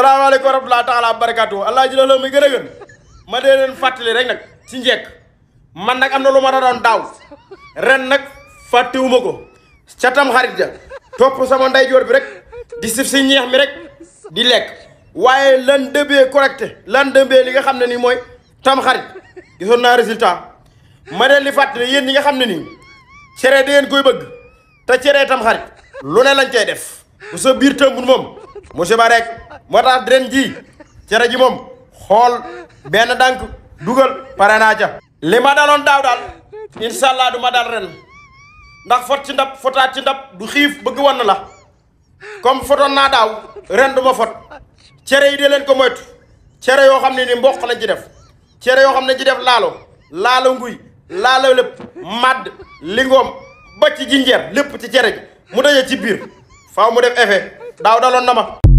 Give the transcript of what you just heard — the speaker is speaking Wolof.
salaamaaleykum wa rahmatulah taala barakaatu allah ji loolu mi gën a gën ma dee leen fàttali rek nag ci njekk man nag am na lu ma doon daaw ren nag fàttewuma ko ca tam xarit ja topp sama ndeyjoor bi rek di sif si ñeex mi rek di lekk waaye lan dëbee correcté lan dëbee li nga xam ne nii mooy tam xarit gisoon naa résultat ma dee li fàttali yéen ñi nga xam ne nii cere da ngeen koy bëgg te cere tam xarit lu ne lañ cay def bu sa biir tëmbul moom monsieur Ba moo tax ren ji cere ji moom xool benn dànk dugal pare naa ca li ma daloon daaw daal incha allah du ma ren ndax fot ci ndab fotaat ci ndab du xiif bëgg wann la comme fotoon naa daaw ren du fot cere yi de leen ko moytu cere yoo xam ne ni mboq lañ ci def cere yoo xam ne ci laalo laalo nguy laalo lépp madd lingoom ba ci jinjeer lépp ci cere ji mu daje ci biir faaw mu def effet daaw daloon na ma